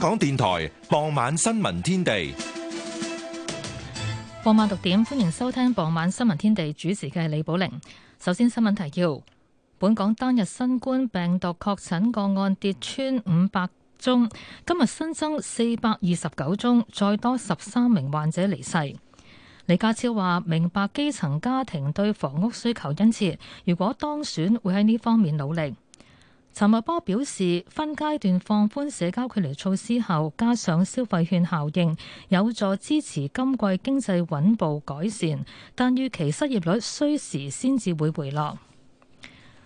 香港電台傍晚新聞天地，傍晚六點歡迎收聽傍晚新聞天地，主持嘅係李寶玲。首先新聞提要：本港單日新冠病毒確診個案跌穿五百宗，今日新增四百二十九宗，再多十三名患者離世。李家超話明白基層家庭對房屋需求殷切，如果當選會喺呢方面努力。陳茂波表示，分階段放寬社交距離措施後，加上消費券效應，有助支持今季經濟穩步改善，但預期失業率需時先至會回落。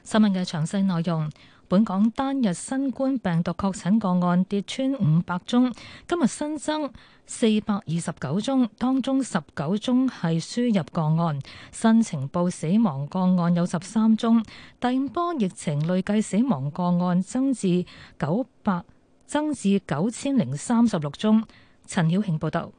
新聞嘅詳細內容。本港單日新冠病毒確診個案跌穿五百宗，今日新增四百二十九宗，當中十九宗係輸入個案。新呈報死亡個案有十三宗，第五波疫情累計死亡個案增至九百，增至九千零三十六宗。陳曉慶報道。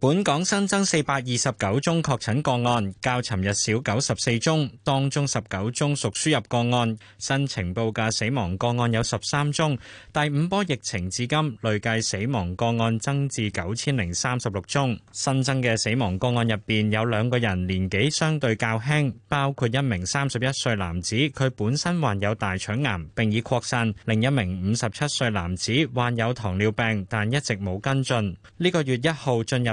本港新增四百二十九宗確診個案，較尋日少九十四宗，當中十九宗屬輸入個案。新呈報嘅死亡個案有十三宗，第五波疫情至今累計死亡個案增至九千零三十六宗。新增嘅死亡個案入面有兩個人年紀相對較輕，包括一名三十一歲男子，佢本身患有大腸癌並已擴散；另一名五十七歲男子患有糖尿病，但一直冇跟進。呢、這個月一號進入。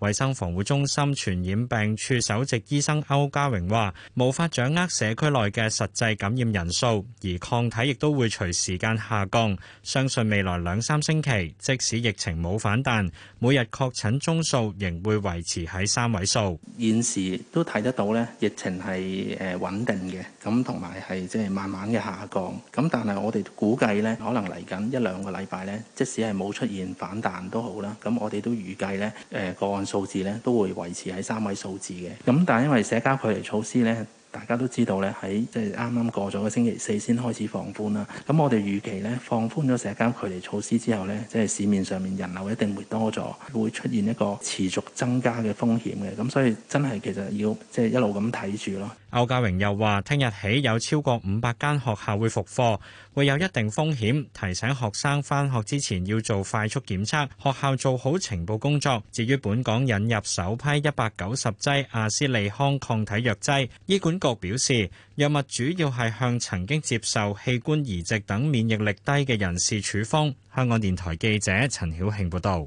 衛生防護中心傳染病處首席醫生歐家榮話，無法掌握社區內嘅實際感染人數，而抗體亦都會隨時間下降。相信未來兩三星期，即使疫情冇反彈，每日確診宗數仍會維持喺三位數。現時都睇得到咧，疫情係誒穩定嘅，咁同埋係即係慢慢嘅下降。咁但係我哋估計咧，可能嚟緊一兩個禮拜咧，即使係冇出現反彈都好啦，咁我哋都預計咧，誒。個案數字咧都會維持喺三位數字嘅，咁但係因為社交距離措施咧。大家都知道咧，喺即係啱啱過咗個星期四先開始放寬啦。咁我哋預期呢，放寬咗社交距離措施之後呢，即係市面上面人流一定會多咗，會出現一個持續增加嘅風險嘅。咁所以真係其實要即係一路咁睇住咯。歐家榮又話聽日起有超過五百間學校會復課，會有一定風險，提醒學生翻學之前要做快速檢測，學校做好情報工作。至於本港引入首批一百九十劑阿斯利康抗體藥劑，醫管局表示藥物主要係向曾經接受器官移植等免疫力低嘅人士處方。香港電台記者陳曉慶報道，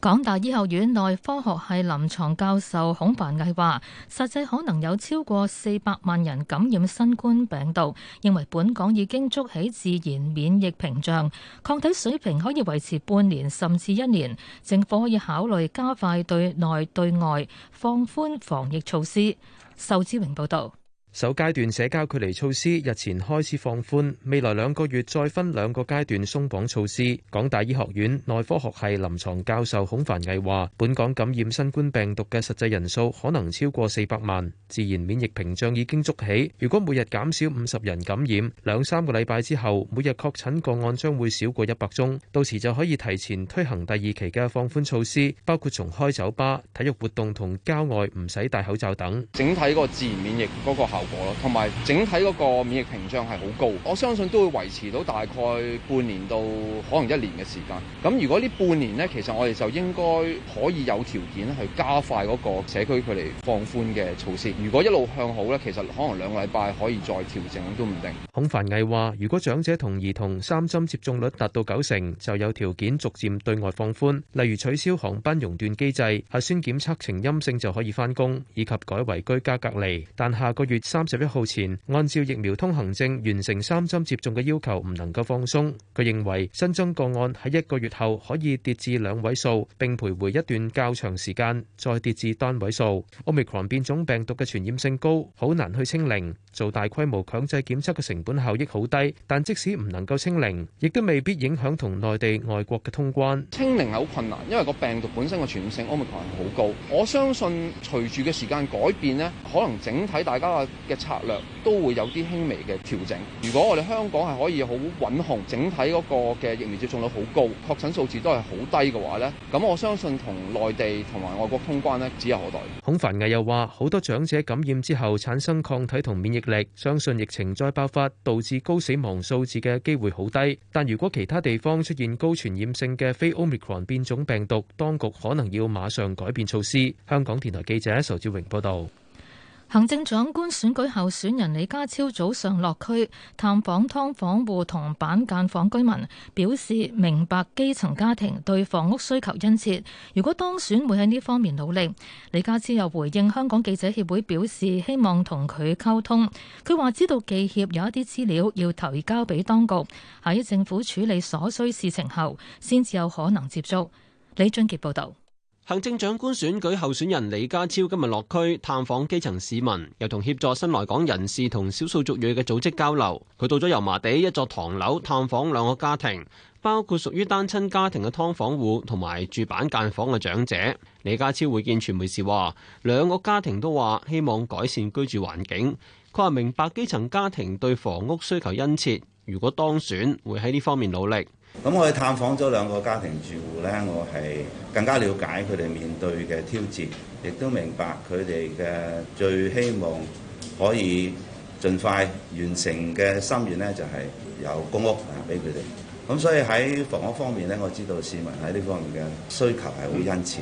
港大醫學院內科學系臨床教授孔凡毅話，實際可能有超過四百萬人感染新冠病毒，認為本港已經築起自然免疫屏障，抗體水平可以維持半年甚至一年，政府可以考慮加快對內對外放寬防疫措施。壽之榮報道。首階段社交距離措施日前開始放寬，未來兩個月再分兩個階段鬆綁措施。港大醫學院內科學系臨床教授孔凡毅話，本港感染新冠病毒嘅實際人數可能超過四百萬，自然免疫屏障已經築起。如果每日減少五十人感染，兩三個禮拜之後，每日確診個案將會少過一百宗，到時就可以提前推行第二期嘅放寬措施，包括重開酒吧、體育活動同郊外唔使戴口罩等。整體個自然免疫嗰個效同埋整體嗰個免疫屏障係好高，我相信都會維持到大概半年到可能一年嘅時間。咁如果呢半年呢，其實我哋就應該可以有條件去加快嗰個社區距離放寬嘅措施。如果一路向好呢，其實可能兩個禮拜可以再調整都唔定。孔凡毅話：如果長者同兒童三針接種率達到九成，就有條件逐漸對外放寬，例如取消航班熔斷機制，核酸檢測呈陰性就可以返工，以及改為居家隔離。但下個月三十一號前，按照疫苗通行證完成三針接種嘅要求，唔能夠放鬆。佢認為新增個案喺一個月後可以跌至兩位數，並徘徊一段較長時間，再跌至單位數。奧密克戎變種病毒嘅傳染性高，好難去清零。做大規模強制檢測嘅成本效益好低，但即使唔能夠清零，亦都未必影響同內地、外國嘅通關。清零係好困難，因為個病毒本身嘅傳染性奧密克戎係好高。我相信隨住嘅時間改變呢，可能整體大家嘅嘅策略都會有啲輕微嘅調整。如果我哋香港係可以好穩控整體嗰個嘅疫苗接種率好高，確診數字都係好低嘅話咧，咁我相信同內地同埋外國通關咧指日可待。孔繁毅又話好多長者感染之後產生抗體同免疫力，相信疫情再爆發導致高死亡數字嘅機會好低。但如果其他地方出現高傳染性嘅非 omicron 變種病毒，當局可能要馬上改變措施。香港電台記者仇志榮報道。行政長官選舉候選人李家超早上落區探訪劏房戶同板間房居民，表示明白基層家庭對房屋需求殷切，如果當選會喺呢方面努力。李家超又回應香港記者協會表示，希望同佢溝通。佢話知道記協有一啲資料要提交俾當局，喺政府處理所需事情後，先至有可能接觸。李俊杰報道。行政長官選舉候選人李家超今日落區探訪基層市民，又同協助新來港人士同少數族裔嘅組織交流。佢到咗油麻地一座唐樓探訪兩個家庭，包括屬於單親家庭嘅劏房戶同埋住板間房嘅長者。李家超會見傳媒時話，兩個家庭都話希望改善居住環境。佢話明白基層家庭對房屋需求殷切，如果當選會喺呢方面努力。咁我去探訪咗兩個家庭住戶咧，我係更加了解佢哋面對嘅挑戰，亦都明白佢哋嘅最希望可以盡快完成嘅心願咧，就係、是、有公屋俾佢哋。咁所以喺房屋方面咧，我知道市民喺呢方面嘅需求係好殷切，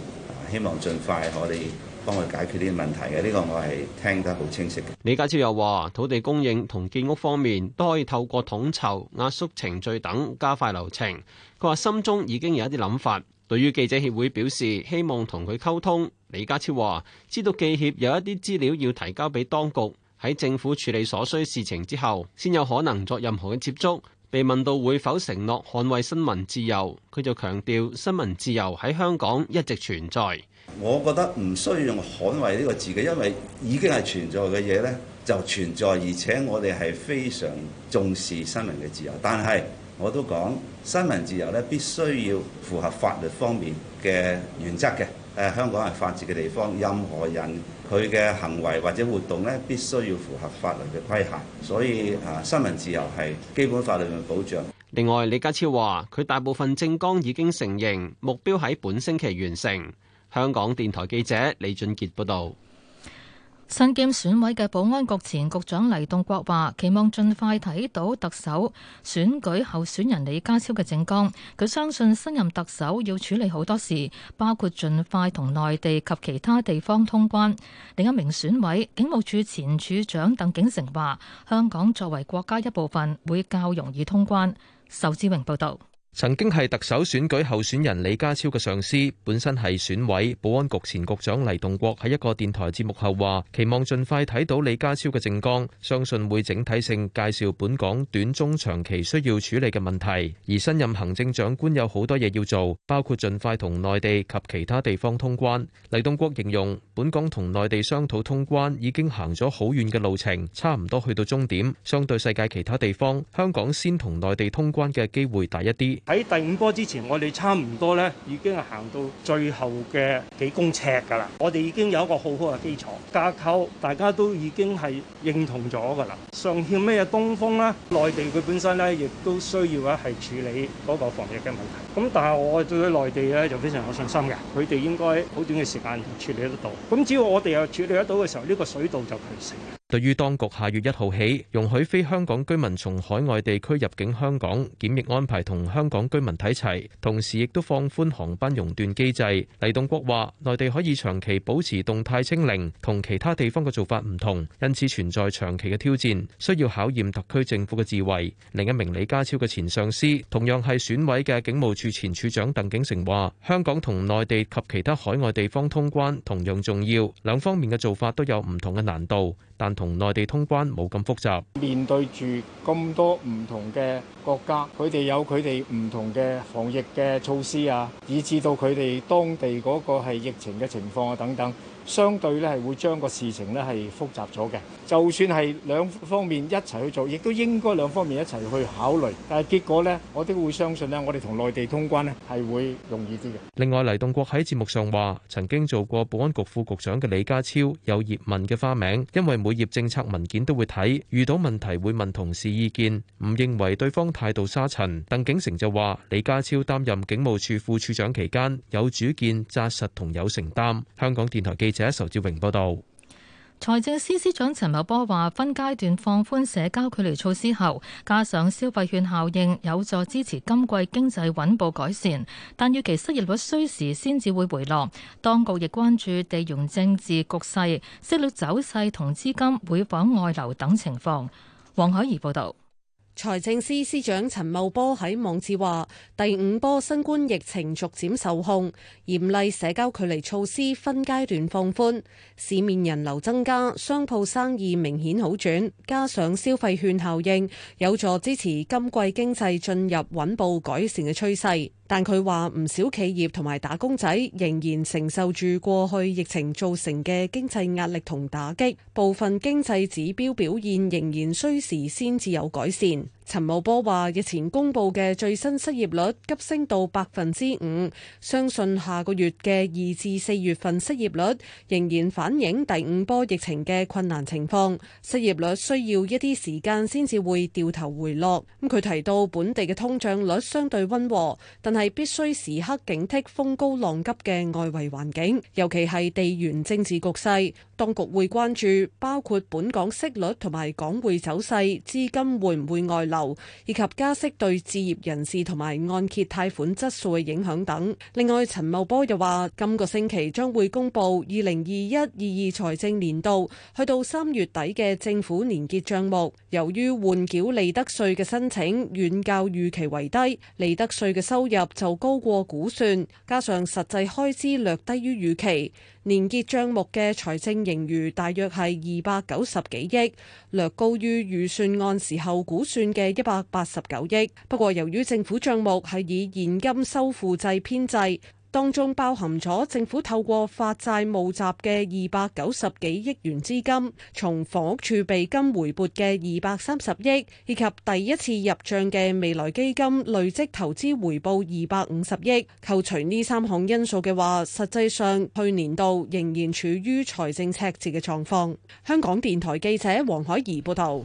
希望盡快可以，幫佢解決啲問題嘅，呢個我係聽得好清晰嘅。李家超又話：土地供應同建屋方面都可以透過統籌、壓縮程序等加快流程。佢話心中已經有一啲諗法。對於記者協會表示希望同佢溝通，李家超話知道記協有一啲資料要提交畀當局，喺政府處理所需事情之後，先有可能作任何嘅接觸。被問到會否承諾捍衛新聞自由，佢就強調新聞自由喺香港一直存在。我覺得唔需要用捍衞呢個字嘅，因為已經係存在嘅嘢呢，就存在，而且我哋係非常重視新聞嘅自由。但係我都講新聞自由呢必須要符合法律方面嘅原則嘅。誒、啊，香港係法治嘅地方，任何人佢嘅行為或者活動呢必須要符合法律嘅規限。所以誒、啊，新聞自由係基本法律嘅保障。另外，李家超話佢大部分政綱已經成形，目標喺本星期完成。香港電台記者李俊杰報道，身兼選委嘅保安局前局長黎棟國話，期望盡快睇到特首選舉候選人李家超嘅政綱。佢相信新任特首要處理好多事，包括盡快同內地及其他地方通關。另一名選委警務處前處長鄧景成話，香港作為國家一部分，會較容易通關。仇志榮報道。曾經係特首選舉候選人李家超嘅上司，本身係選委、保安局前局長黎棟國喺一個電台節目後話：期望盡快睇到李家超嘅政綱，相信會整體性介紹本港短、中、長期需要處理嘅問題。而新任行政長官有好多嘢要做，包括盡快同內地及其他地方通關。黎棟國形容本港同內地商討通關已經行咗好遠嘅路程，差唔多去到終點。相對世界其他地方，香港先同內地通關嘅機會大一啲。喺第五波之前，我哋差唔多呢已經係行到最後嘅幾公尺噶啦。我哋已經有一個好好嘅基礎，架構大家都已經係認同咗噶啦。尚欠咩東風啦？內地佢本身呢亦都需要咧係處理嗰個防疫嘅問題。咁但係我對於內地呢就非常有信心嘅，佢哋應該好短嘅時間處理得到。咁只要我哋又處理得到嘅時候，呢、這個水到渠成。對於當局下月一號起容許非香港居民從海外地區入境香港檢疫安排同香港居民睇齊，同時亦都放寬航班熔斷機制。黎棟國話：內地可以長期保持動態清零，同其他地方嘅做法唔同，因此存在長期嘅挑戰，需要考驗特區政府嘅智慧。另一名李家超嘅前上司，同樣係選委嘅警務處前處長鄧景成話：香港同內地及其他海外地方通關同樣重要，兩方面嘅做法都有唔同嘅難度。但同內地通關冇咁複雜。面對住咁多唔同嘅國家，佢哋有佢哋唔同嘅防疫嘅措施啊，以至到佢哋當地嗰個係疫情嘅情況啊等等。相對呢係會將個事情呢係複雜咗嘅，就算係兩方面一齊去做，亦都應該兩方面一齊去考慮。但係結果呢，我都會相信呢，我哋同內地通關呢係會容易啲嘅。另外，黎棟國喺節目上話，曾經做過保安局副局長嘅李家超有葉問嘅花名，因為每頁政策文件都會睇，遇到問題會問同事意見，唔認為對方態度沙塵。鄧景成就話，李家超擔任警務處副處長期間，有主見、紮實同有承擔。香港電台記者。者仇志榮報道，財政司司長陳茂波話，分階段放寬社交距離措施後，加上消費券效應，有助支持今季經濟穩步改善。但預期失業率需時先至會回落。當局亦關注地緣政治局勢、息率走勢同資金會否外流等情況。黃海怡報道。財政司司長陳茂波喺網誌話：第五波新冠疫情逐漸受控，嚴厲社交距離措施分階段放寬，市面人流增加，商鋪生意明顯好轉，加上消費券效應，有助支持今季經濟進入穩步改善嘅趨勢。但佢話唔少企業同埋打工仔仍然承受住過去疫情造成嘅經濟壓力同打擊，部分經濟指標表現仍然需時先至有改善。陳茂波話：日前公布嘅最新失業率急升到百分之五，相信下個月嘅二至四月份失業率仍然反映第五波疫情嘅困難情況，失業率需要一啲時間先至會掉頭回落。咁、嗯、佢提到本地嘅通脹率相對溫和，但係必須時刻警惕風高浪急嘅外圍環境，尤其係地緣政治局勢。當局會關注包括本港息率同埋港匯走勢，資金會唔會外流？以及加息對置業人士同埋按揭貸款質素嘅影響等。另外，陳茂波又話：今個星期將會公布二零二一、二二財政年度去到三月底嘅政府年結帳目。由於緩繳利得稅嘅申請遠較預期為低，利得稅嘅收入就高過估算，加上實際開支略低於預期。年結帳目嘅財政盈餘大約係二百九十幾億，略高於預算案時候估算嘅一百八十九億。不過，由於政府帳目係以現金收付制編制。當中包含咗政府透過發債募集嘅二百九十幾億元資金，從房屋儲備金回撥嘅二百三十億，以及第一次入賬嘅未來基金累積投資回報二百五十億，扣除呢三項因素嘅話，實際上去年度仍然處於財政赤字嘅狀況。香港電台記者黃海怡報道。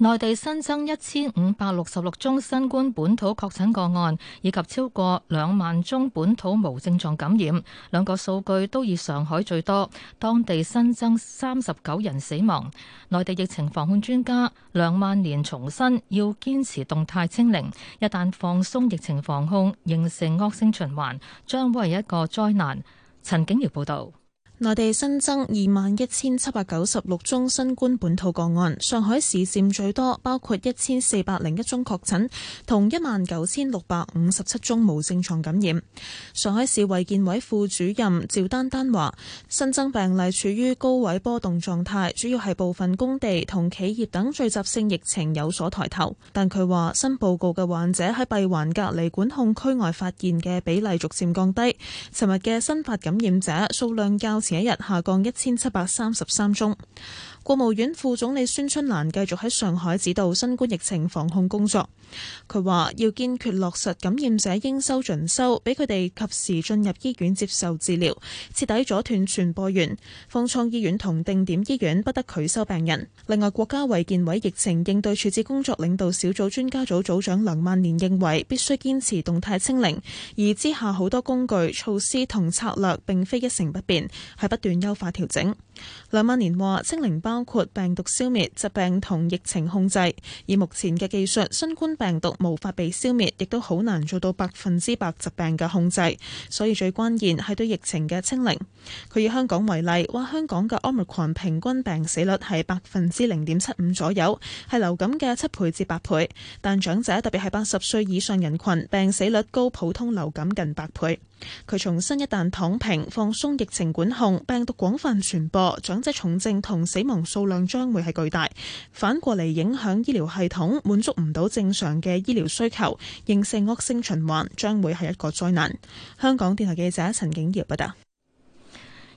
內地新增一千五百六十六宗新冠本土確診個案，以及超過兩萬宗本土無症狀感染，兩個數據都以上海最多。當地新增三十九人死亡。內地疫情防控專家：梁萬年重申要堅持動態清零，一旦放鬆疫情防控，形成惡性循環，將會係一個災難。陳景瑤報道。內地新增二萬一千七百九十六宗新冠本土個案，上海市佔最多，包括一千四百零一宗確診，同一萬九千六百五十七宗無症狀感染。上海市衛健委副主任趙丹丹話：新增病例處於高位波動狀態，主要係部分工地同企業等聚集性疫情有所抬頭。但佢話新報告嘅患者喺閉環隔離管控區外發現嘅比例逐漸降低。尋日嘅新發感染者數量較前一日下降一千七百三十三宗。國務院副總理孫春蘭繼續喺上海指導新冠疫情防控工作。佢話要堅決落實感染者應收盡收，俾佢哋及時進入醫院接受治療，徹底阻斷傳播源。方艙醫院同定點醫院不得拒收病人。另外，國家衛健委疫情應對處置工作領導小組專家組組，組，組長梁萬年認為，必須堅持動態清零，而之下好多工具、措施同策略並非一成不變，係不斷優化調整。梁萬年話清零包括病毒消滅、疾病同疫情控制。以目前嘅技術，新冠病毒無法被消滅，亦都好難做到百分之百疾病嘅控制。所以最關鍵係對疫情嘅清零。佢以香港為例，話香港嘅 Omicron 平均病死率係百分之零點七五左右，係流感嘅七倍至八倍。但長者，特別係八十歲以上人群，病死率高普通流感近百倍。佢重申，一旦躺平、放鬆疫情管控、病毒廣泛傳播，長者重症同死亡數量將會係巨大，反過嚟影響醫療系統，滿足唔到正常嘅醫療需求，形成惡性循環，將會係一個災難。香港電台記者陳景業報道。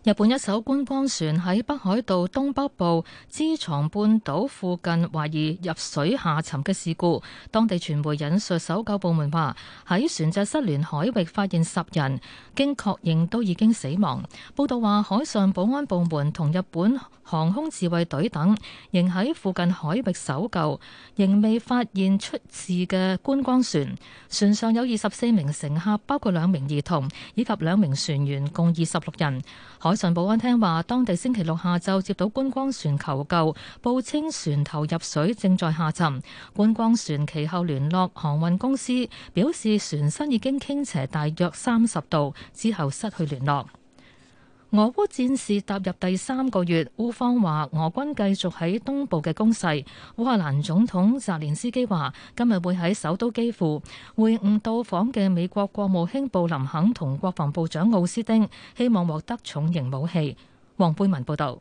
日本一艘觀光船喺北海道東北部知床半島附近，懷疑入水下沉嘅事故。當地傳媒引述搜救部門話，喺船隻失聯海域發現十人，經確認都已經死亡。報道話，海上保安部門同日本航空自衛隊等仍喺附近海域搜救，仍未發現出事嘅觀光船。船上有二十四名乘客，包括兩名兒童以及兩名船員，共二十六人。海上保安廳話，當地星期六下晝接到觀光船求救，報稱船頭入水，正在下沉。觀光船其後聯絡航運公司，表示船身已經傾斜大約三十度，之後失去聯絡。俄烏戰事踏入第三個月，烏方話俄軍繼續喺東部嘅攻勢。烏克蘭總統澤連斯基話，今日會喺首都基輔會晤到訪嘅美國國務卿布林肯同國防部長奧斯丁，希望獲得重型武器。黃貝文報導。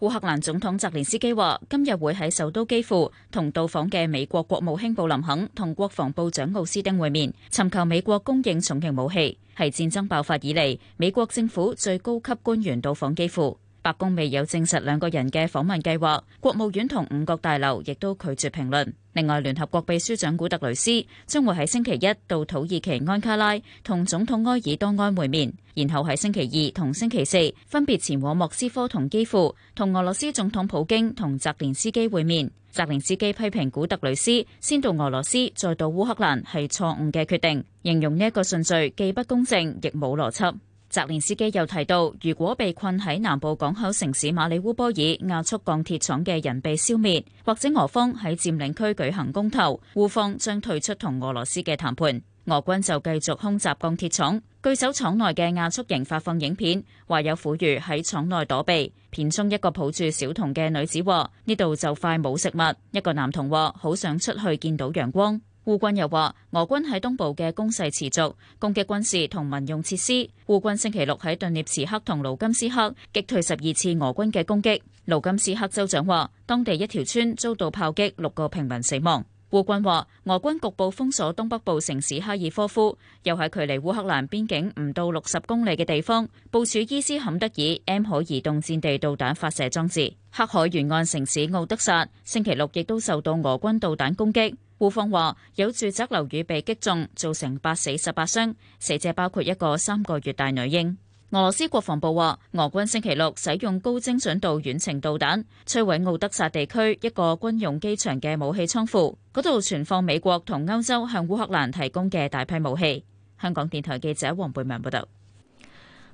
烏克蘭總統澤連斯基話：今日會喺首都基輔同到訪嘅美國國務卿布林肯同國防部長奧斯丁會面，尋求美國供應重型武器，係戰爭爆發以嚟美國政府最高級官員到訪基輔。白宮未有證實兩個人嘅訪問計劃，國務院同五角大樓亦都拒絕評論。另外，聯合國秘書長古特雷斯將會喺星期一到土耳其安卡拉同總統埃爾多安會面，然後喺星期二同星期四分別前往莫斯科同基輔，同俄羅斯總統普京同澤連斯基會面。澤連斯基批評古特雷斯先到俄羅斯再到烏克蘭係錯誤嘅決定，形容呢一個順序既不公正亦冇邏輯。澤連斯基又提到，如果被困喺南部港口城市馬里烏波爾亞速鋼鐵廠嘅人被消滅，或者俄方喺佔領區舉行公投，烏方將退出同俄羅斯嘅談判，俄軍就繼續空襲鋼鐵廠，據守廠內嘅亞速營發放影片，話有婦孺喺廠內躲避。片中一個抱住小童嘅女子話：呢度就快冇食物。一個男童話：好想出去見到陽光。烏軍又話，俄軍喺東部嘅攻勢持續攻擊軍事同民用設施。烏軍星期六喺頓涅茨克同盧甘斯克擊退十二次俄軍嘅攻擊。盧甘斯克州長話，當地一條村遭到炮擊，六個平民死亡。烏軍話，俄軍局部封鎖東北部城市哈爾科夫，又喺距離烏克蘭邊境唔到六十公里嘅地方部署伊斯坎德爾 M 可移動戰地導彈發射裝置。黑海沿岸城市奧德薩星期六亦都受到俄軍導彈攻擊。互方話有住宅樓宇被擊中，造成八死十八傷，死者包括一個三個月大女嬰。俄羅斯國防部話，俄軍星期六使用高精準度遠程導彈摧毀奧德薩地區一個軍用機場嘅武器倉庫，嗰度存放美國同歐洲向烏克蘭提供嘅大批武器。香港電台記者黃貝文報道。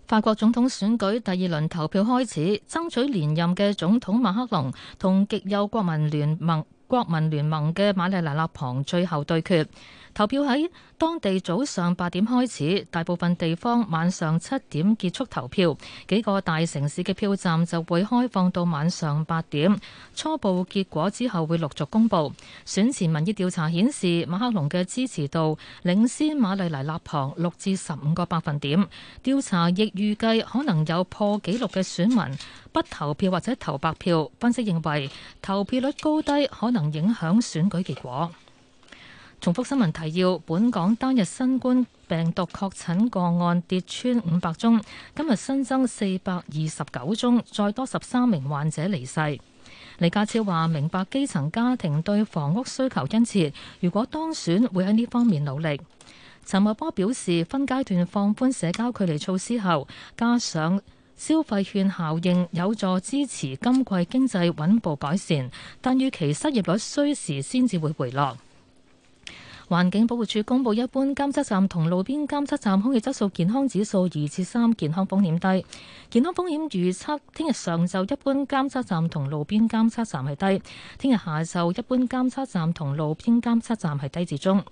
法國總統選舉第二輪投票開始，爭取連任嘅總統馬克龍同極右國民聯盟。國民聯盟嘅馬麗娜立旁最後對決，投票喺當地早上八點開始，大部分地方晚上七點結束投票。幾個大城市嘅票站就會開放到晚上八點。初步結果之後會陸續公佈。選前民意調查顯示馬克龍嘅支持度領先馬麗娜立旁六至十五個百分點。調查亦預計可能有破紀錄嘅選民不投票或者投白票。分析認為投票率高低可能。影響選舉結果。重複新聞提要：本港單日新冠病毒確診個案跌穿五百宗，今日新增四百二十九宗，再多十三名患者離世。李家超話明白基層家庭對房屋需求殷切，如果當選會喺呢方面努力。陳茂波表示，分階段放寬社交距離措施後，加上。消費券效應有助支持今季經濟穩步改善，但預期失業率需時先至會回落。環境保護署公布一般監測站同路邊監測站空氣質素健康指數二至三，健康風險低。健康風險預測，聽日上晝一般監測站同路邊監測站係低，聽日下晝一般監測站同路邊監測站係低至中。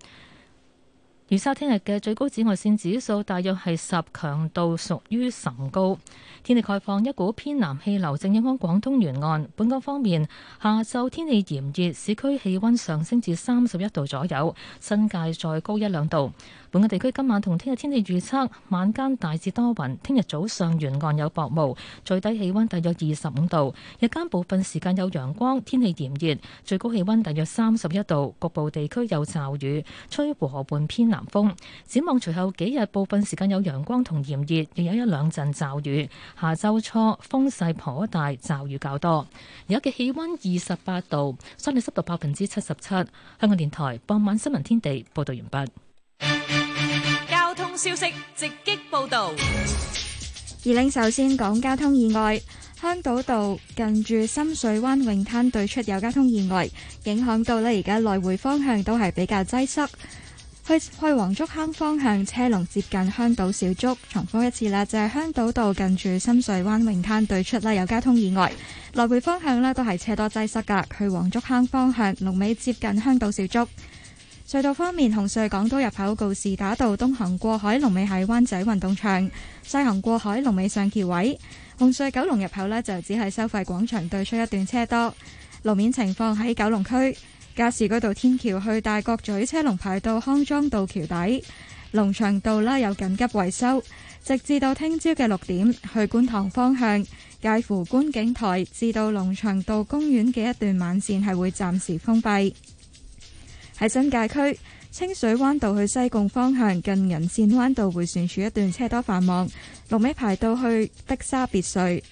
預測聽日嘅最高紫外線指數大約係十，強度屬於甚高。天氣概況：一股偏南氣流正影響廣東沿岸。本港方面，下晝天氣炎熱，市區氣温上升至三十一度左右，新界再高一兩度。本港地區今晚同聽日天氣預測：晚間大致多雲，聽日早上沿岸有薄霧，最低氣温大約二十五度。日間部分時間有陽光，天氣炎熱，最高氣温大約三十一度，局部地區有驟雨，吹和緩偏南風展望，隨後幾日部分時間有陽光同炎熱，亦有一兩陣驟雨。下周初風勢頗大，驟雨較多。而家嘅氣温二十八度，相對濕度百分之七十七。香港電台傍晚新聞天地報道完畢。交通消息直擊報道。二令首先講交通意外，香島道近住深水灣泳灘對出有交通意外，影響到呢而家來回方向都係比較擠塞。去去黃竹坑方向車龍接近香島小竹，重複一次啦，就係香島道近住深水灣泳灘對出啦，有交通意外，來回方向咧都係車多擠塞噶。去黃竹坑方向龍尾接近香島小竹隧道方面，紅隧港島入口告士打道東行過海龍尾喺灣仔運動場，西行過海龍尾上橋位。紅隧九龍入口呢，就只係收費廣場對出一段車多，路面情況喺九龍區。加士居道天橋去大角咀車龍排到康莊道橋底，龍翔道啦有緊急維修，直至到聽朝嘅六點。去觀塘方向介乎觀景台至到龍翔道公園嘅一段晚綫係會暫時封閉。喺新界區清水灣道去西貢方向近銀線灣道回旋處一段車多繁忙，龍尾排到去碧沙別墅。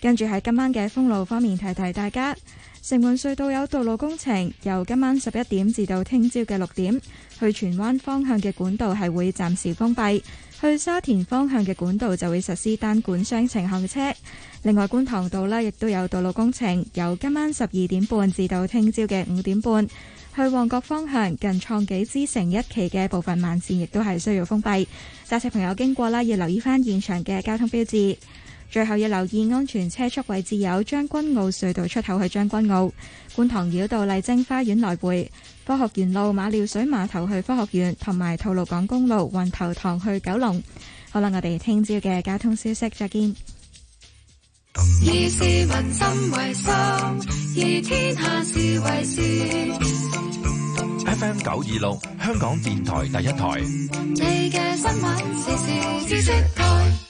跟住喺今晚嘅封路方面，提提大家。城門隧道有道路工程，由今晚十一點至到聽朝嘅六點，去荃灣方向嘅管道係會暫時封閉；去沙田方向嘅管道就會實施單管雙程行車。另外，觀塘道啦，亦都有道路工程，由今晚十二點半至到聽朝嘅五點半，去旺角方向近創紀之城一期嘅部分慢線亦都係需要封閉。揸車朋友經過啦，要留意返現場嘅交通標誌。最後要留意安全車速位置，有將軍澳隧道出口去將軍澳、觀塘繞道麗晶花園來回、科學園路馬料水碼頭去科學園同埋吐露港公路運頭塘去九龍。好啦，我哋聽朝嘅交通消息再見。以市民心為心，以天下事為事。FM 九二六，香港電台第一台。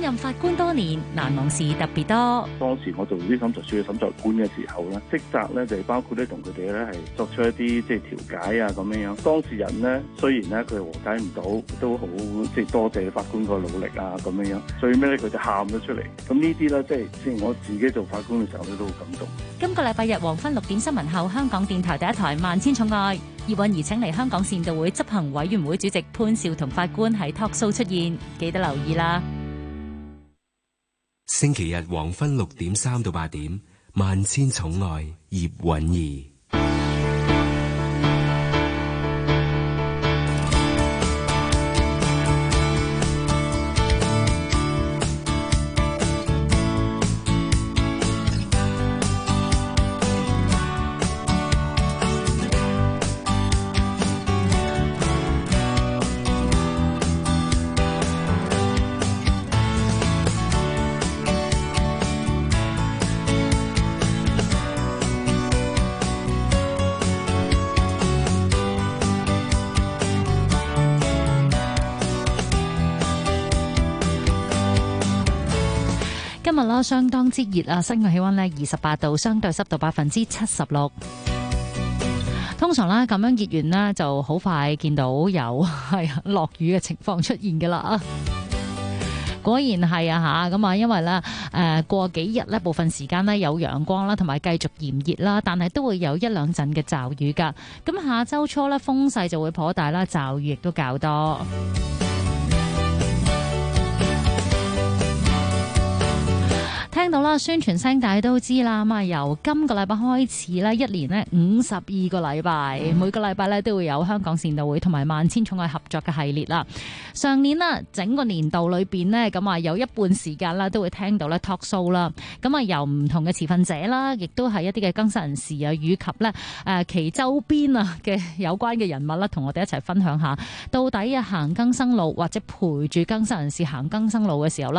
任法官多年，難忘事特別多。當時我做呢審裁處嘅審裁官嘅時候咧，職責咧就包括咧同佢哋咧係作出一啲即係調解啊咁樣樣。當事人咧雖然咧佢和解唔到，都好即係多謝法官個努力啊咁樣樣。最尾咧佢就喊咗出嚟，咁呢啲咧即係即係我自己做法官嘅時候咧都好感動。今個禮拜日黃昏六點新聞後，香港電台第一台萬千寵愛葉韻儀請嚟香港善導會執行委員會主席潘兆同法官喺 talk show 出現，記得留意啦。星期日黃昏六點三到八點，萬千寵愛葉蘊儀。相當之熱啊！室外氣溫呢，二十八度，相對濕度百分之七十六。通常啦，咁樣熱完咧，就好快見到有係落雨嘅情況出現㗎喇。果然係啊，吓咁啊，因為咧誒過幾日呢，部分時間呢，有陽光啦，同埋繼續炎熱啦，但係都會有一兩陣嘅驟雨噶。咁下周初咧風勢就會頗大啦，驟雨亦都較多。聽到啦，宣傳聲大家都知啦。咁啊，由今個禮拜開始咧，一年咧五十二個禮拜，每個禮拜咧都會有香港善導會同埋萬千寵愛合作嘅系列啦。上年啦，整個年度裏邊咧，咁啊有一半時間啦，都會聽到咧 talk show 啦。咁啊，由唔同嘅持份者啦，亦都係一啲嘅更生人士啊，以及咧誒其周邊啊嘅有關嘅人物啦，同我哋一齊分享下，到底啊行更生路或者陪住更生人士行更生路嘅時候啦。